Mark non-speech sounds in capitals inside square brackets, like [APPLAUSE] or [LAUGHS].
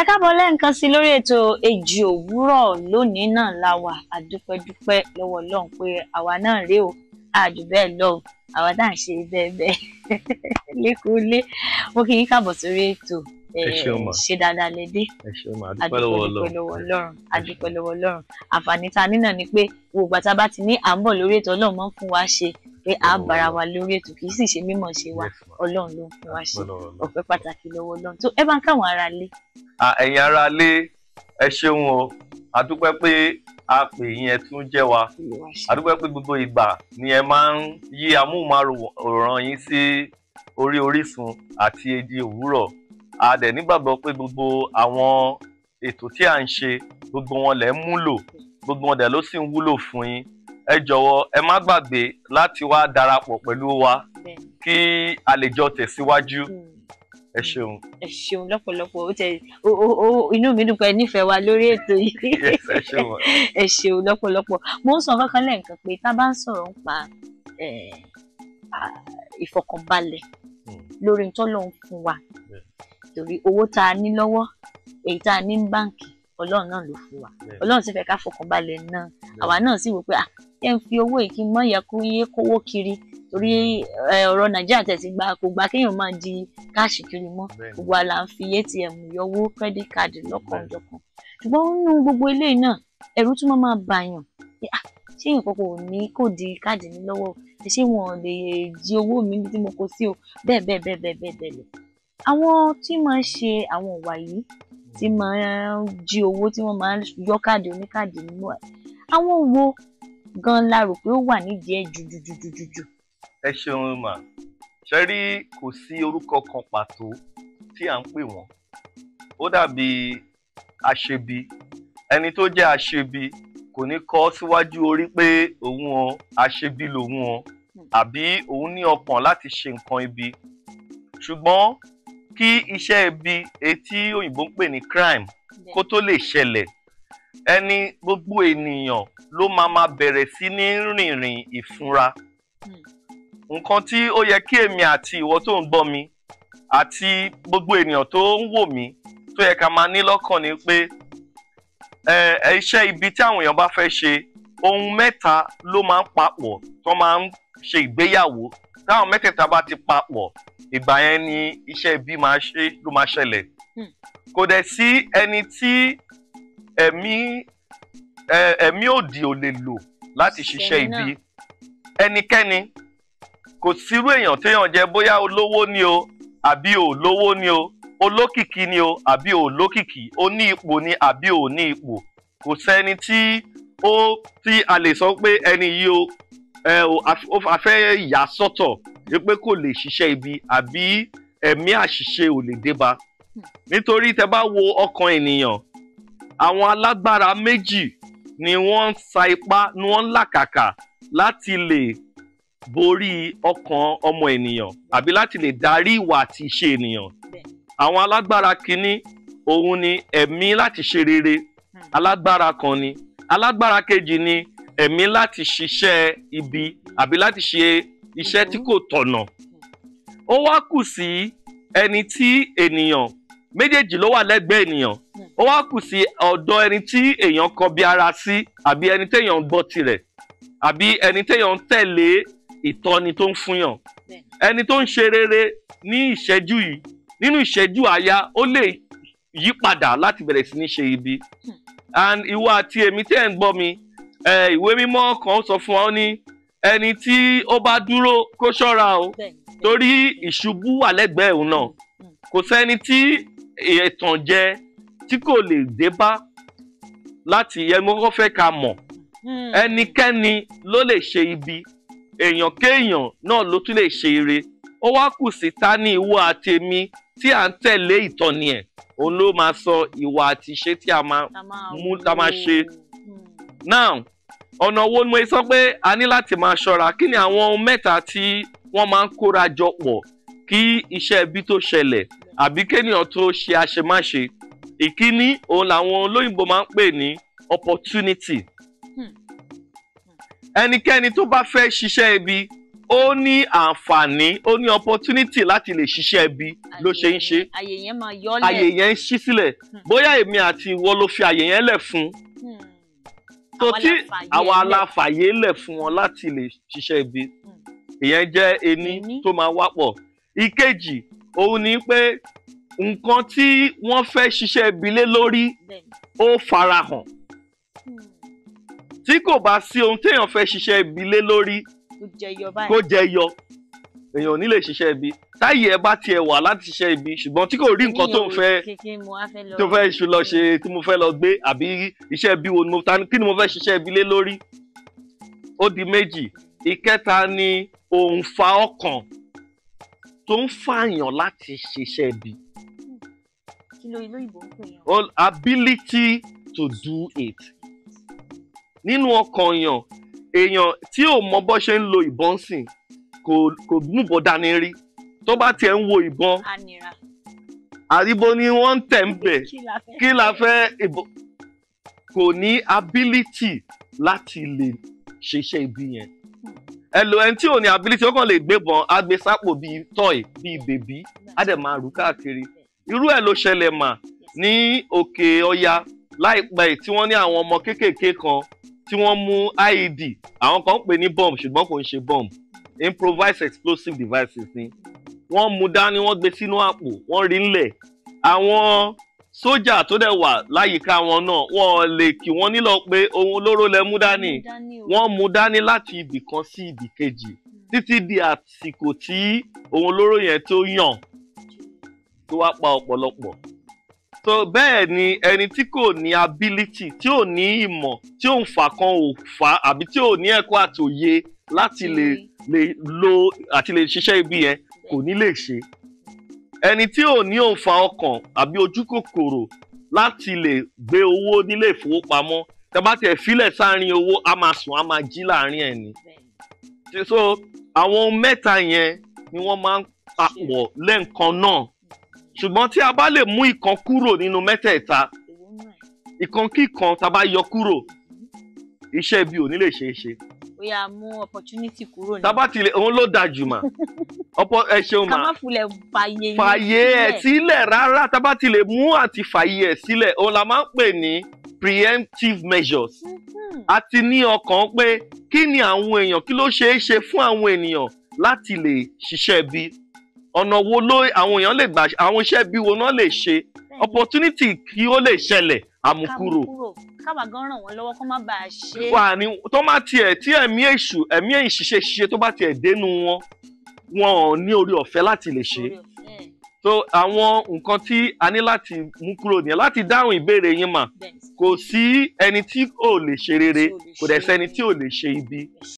ẹ káàbọ̀ lẹ́ǹkan sí lórí ètò èjì òwúrọ̀ lónìí náà la wà àdúpẹ́dúpẹ́ lọ́wọ́ ọlọ́run pé àwa náà rèé o àjù bẹ́ẹ̀ lọ o àwa náà ṣe bẹ́ẹ̀ bẹ́ẹ̀ [LAUGHS] lékulé mo kì í káàbọ̀ sórí ètò ṣe dáadáa lédè àdúpẹ́ lọ́wọ́ ọlọ́run àdúpẹ́ lọ́wọ́ ọlọ́run àǹfààní ta nínà ni pé gbogbo àtàbá ti ní à ń bọ̀ lórí ètò ọlọ́run máa fún wa ṣe pé a bára wa lórí ètò kì í sì ṣe mímọ̀ ṣe wa ọlọ́run ló ń fún wa ṣe ọpẹ́ pàtàkì lọ́wọ́ ọlọ́run tó ẹ bá ń káwọn ará lé ẹ̀yin ará lé ẹ ṣeun o àdúpẹ́ pé a pè yín ẹ tún jẹ́ wa àdúpẹ́ pé gbogbo ìgbà ni ẹ máa ń yí amóhùnmáwòrán yín sí orí Orísun àti Èdè Òwúrọ̀ a dẹ̀ nígbàgbọ́ pé gbogbo àwọn ètò tí à ń ṣe gbogbo wọn lẹ̀ ń múlò gbogbo wọn dẹ̀ ló sì ń wúlò fún yín ẹ jọ̀wọ́ ẹ má gbàgbé láti wá darapọ̀ pẹ̀lú wa kí a lè jọ tẹ̀síwájú. Mm ẹ ṣeun. ẹ ṣeun lọ́pọ̀lọpọ̀ ó tẹ o o inú mi dùn pé nífẹ̀ẹ́ wa lórí ètò yìí. ẹ ṣeun lọ́pọ̀lọpọ̀ mo ń sọ kankan lẹ́ẹ̀kan pé tá a bá ń sọ̀rọ̀ nípa ìfọkànbalẹ̀ hmm. lórí tọ́lọ́run fún wa torí owó tá a ní lọ́wọ́ èyí tá a ní ní báǹkì ọlọ́run náà ló fún wa ọlọ́run sì fẹ́ ká fọkànbalẹ̀ náà àwa náà sì wò pé ah ẹ ń fi owó yìí kí n mọ̀ yẹ kó yẹ kówó kiri orí eh, ọ̀rọ̀ nàìjíríà tẹ̀sí gba kò gba kéèyàn máa di káàṣì kiri mọ́ gbogbo àlà ń fi atm yọwó credit card lọ́kànjọ̀kan ṣùgbọ́n nínú gbogbo eléyìí náà ẹ̀rù tún máa máa bàyàn ah, ṣé èèyàn kankan ò ní kò di káàdì mi lọ́wọ́ ṣé wọn lè jí owó mi tí mo kó sí o bẹ́ẹ̀ bẹ́ẹ̀ bẹ́ẹ̀ bẹ́ẹ̀ bẹ́ẹ̀ bẹ́ẹ̀ lọ. àwọn tí máa ń ṣe àwọn ìwà yìí tí máa ń jí owó tí wọ́n máa ń yọ káàdì oníkáàdì nínú ẹ̀ àwọn wo gan la rò pé ó wà nídìí ẹ̀ jùjùjùjùjù ẹ ṣeun mà ṣe rí kò sí orúkọ kan pàtó tí à ń pè wọ́n ó dàbí aṣebi ẹni tó jẹ́ aṣebi kò ní kọ síwájú orí pé òun o aṣebi lòun o àbí òun ní ọkàn láti ṣe nǹkan ibi ṣùgbọ́n kí iṣẹ́ ibi etí òyìnbó ń pè ní crime kó tó lè ṣẹlẹ̀ ẹni gbogbo ènìyàn ló máa ma bẹ̀rẹ̀ sí ní rìnrìn ìfura hmm nǹkan tí ó yẹ kí èmi àti ìwọ tó ń gbọ́ mi àti gbogbo ènìyàn tó ń wò mí tó yẹ ká máa ní lọ́kàn ni pé ẹ iṣẹ́ ibi tí àwọn èèyàn bá fẹ́ ṣe ohun mẹ́ta ló máa ń papọ̀ tó máa ń ṣe ìgbéyàwó táwọn mẹ́tẹ̀ẹ̀ta bá ti papọ̀ ìgbà yẹn ni iṣẹ́ ibi ló máa ṣẹlẹ̀ hmm. kò dẹ̀ sí ẹni tí ẹ̀mí òdì ò lè lò láti ṣiṣẹ́ ibi ẹnikẹ́ni kò sírú èèyàn téèyàn jẹ bóyá olówó ni o àbí olówó ni o olókìkí ni o àbí olókìkí ó ní ipò ni àbí ò ní ipò kò sẹ́ni tí ó tí a lè sọ pé ẹni yìí o ẹ o afẹ́ ìyá sọ́tọ̀ wípé kò lè ṣiṣẹ́ ibi àbí ẹ̀mí àṣìṣe ò lè débá nítorí tẹ bá wo ọkàn ènìyàn àwọn alágbára méjì ni wọ́n ń sa ipá ni wọ́n ń làkàkà láti lè borí ọkàn ọmọ ènìyàn àbí láti lè darí ìwà àti ìṣe ènìyàn àwọn alágbára kínní òun ni ẹ̀mí láti ṣe rere alágbára kan ni alágbára kejì ni ẹ̀mí láti ṣiṣẹ́ ibi àbí láti ṣe iṣẹ́ tí kò tọ̀nà ó wá kù sí ẹni tí ènìyàn méjèèjì ló wà lẹ́gbẹ̀ẹ́ ènìyàn ó wá kù sí ọ̀dọ̀ ẹni tí èèyàn kọ bí ara sí àbí ẹni téèyàn ń gbọ́ tirẹ̀ àbí ẹni téèyàn ń tẹ̀lé ìtọ́ni tó ń fúnyàn ẹni tó ń ṣe rere ní ìṣẹ́jú yìí nínú ìṣẹ́jú àyà ó lè yí padà láti bẹ̀rẹ̀ sí ní ṣe ibi hmm. and ìwọ àti èmi tí ẹ̀ ń gbọ́ mi ìwé mímọ́ kan sọ fún wa ó ní ẹni tí ó bá dúró kó ṣọ́ra o torí ìṣubú wà lẹ́gbẹ̀ẹ́ òun náà hmm. kò sẹ́ni tí ìtànjẹ tí kò lè dé bá láti ẹnu kọ́kọ́ fẹ́ ká mọ̀ hmm. ẹnikẹ́ni ló lè ṣe ibi èèyàn kéèyàn náà ló tún lè ṣe eré ó wá kù sí tani ìwọ àtèmi tí à ń tẹ̀lé ìtọ́ni ẹ̀ òun ló máa sọ ìwà àti ìṣe tí a máa mú tá a máa ṣe. Hmm. now ọ̀nà wo ni mo sọ pé a ní láti máa ṣọ́ra kí ni àwọn ohun mẹ́ta tí wọ́n máa ń kóra jọ pọ̀ kí iṣẹ́ ibi tó ṣẹlẹ̀ àbí kéèyàn tó ṣe àṣemáṣe ìkíní òun làwọn olóyìnbó máa ń pè ní opportunity. Hmm ẹnikẹ́ni tó bá fẹ́ ṣiṣẹ́ ibi ó ní àǹfààní ó ní opportunity láti lè ṣiṣẹ́ ibi ló ṣe ń ṣe àyè yẹn máa yọlẹ̀ àyè yẹn ń ṣí sílẹ̀ hmm. bóyá èmi àti ìwọ ló fi àyè yẹn lẹ̀ fún tó hmm. tí àwa aláfààyè lẹ̀ fún wọn láti lè ṣiṣẹ́ ibi hmm. ìyẹn jẹ́ ení tó máa wápọ̀ ìkejì òun ni pé nǹkan tí wọ́n fẹ́ ṣiṣẹ́ ibi lé lórí ó farahàn tí kò bá sí ohun téèyàn fẹ́ ṣiṣẹ́ ibi lé lórí kó jẹ yọ èèyàn ò ní lè ṣiṣẹ́ ibi táyì ẹ bá tiẹ̀ wà láti ṣiṣẹ́ ibi ṣùgbọ́n tí kò rí nǹkan tó ń fẹ́ tó fẹ́ lọ ṣe tí mo fẹ́ lọ gbé àbí iṣẹ́ ibi wo ta ni kí ni mo fẹ́ ṣiṣẹ́ ibi lé lórí ó di méjì ìkẹta ni òun fa ọkàn tó ń fààyàn láti ṣiṣẹ́ ibi. kí ló ilé ìbò ń pè yàn. ability to do it nínú ọkàn èèyàn èèyàn tí ò mọ bó ṣe ń lo ìbọn sìn kò kò múbọ̀ dání rí tó bá tiẹ̀ ń wo ìbọn àríbo ni wọ́n ń tẹ̀ ń bẹ̀ kí la fẹ́ ìbọn kò ní ability láti lè ṣeṣẹ́ ibi yẹn hmm. ẹlò ẹni tí ò ní ability ó kàn lè gbébọn agbésápò bíi toy bíi bèbí á dẹ̀ máa rú káàkiri irú ẹ̀ ló ṣẹlẹ̀ mà ní òkè ọya láìpẹ́ tí wọ́n ní àwọn ọmọ kéékèèké kan tí wọ́n mú IED àwọn kan ń pè ní bomb ṣùgbọ́n kò ń ṣe bomb improvised explosive devices ni wọ́n mú dání wọ́n gbé sínú àpò wọ́n rí ńlẹ̀ àwọn sójà tó dẹ̀ wà láyìíká wọn náà wọ́n lè kí wọ́n nílò pé ohun olóró lẹ mú dání wọ́n mú dání láti ibì kan sí ibì kejì títí di àsìkò tí ohun olóró yẹn tó yàn tó wá pa ọ̀pọ̀lọpọ̀ so bẹ́ẹ̀ ni ẹni tí kò ní ability tí ò ní ìmọ̀ tí òun fà kan ò fà àbí tí ò ní ẹ̀kọ́ àtòye láti lè mm-hmm. lè lo àti lè ṣiṣẹ́ ibi yẹn kò ní lè ṣe ẹni tí ò ní òǹfà ọkàn àbí ojú kòkòrò láti lè gbé owó nílé ìfowópamọ́ tẹ́bátẹ̀ fílẹ̀ sáárín owó a máa sùn a máa jí láàárín ẹ̀ ni so àwọn mẹ́ta yẹn ni wọ́n máa ń papọ̀ lẹ́ǹkan náà ṣùgbọ́n tí a bá lè mú ìkan kúrò nínú mẹ́tẹ̀ẹ̀ta ìkan kíkan tá a bá yọ kúrò iṣẹ́ ibi ò ní lè ṣeé ṣe. bóyá mú opportunity kúrò ní. tábà tilẹ̀ òun ló da jù mà ọ̀pọ̀ ẹ ṣeun mà. ká má fulẹ̀ fàyè ẹ̀ sílẹ̀. fàyè ẹ̀ sílẹ̀ rárá tábà tilẹ̀ mú àti fàyè ẹ̀ sílẹ̀ òun la máa ń pè ní preemptive measures. Hmm. a ti ní ọkàn pé kí ni àwọn èèyàn kí ló ṣeé ṣe fún àwọn ènìyàn láti lè ṣiṣẹ́ bí ọ̀nà wo ló àwọn èèyàn lè gbà àwọn iṣẹ́ bí wo náà lè ṣe opportunity kí ó lè ṣẹlẹ̀ àmúkúrò. káwa gan ràn wọ́n lọ́wọ́ kó má bàa ṣe. wà á ní tó má tiẹ̀ tí ẹ̀mí èṣù ẹ̀mí ìṣiṣẹ́ ṣiṣẹ́ tó bá tiẹ̀ dénú wọn wọn ò ní orí ọ̀fẹ́ láti lè ṣe. so àwọn nǹkan tí a ní láti mú kúrò nìyẹn láti dáhùn ìbéèrè yín mà kò sí ẹni tí ò lè ṣe rere kò dẹ̀ sẹ́ni tí ò lè ṣe ibi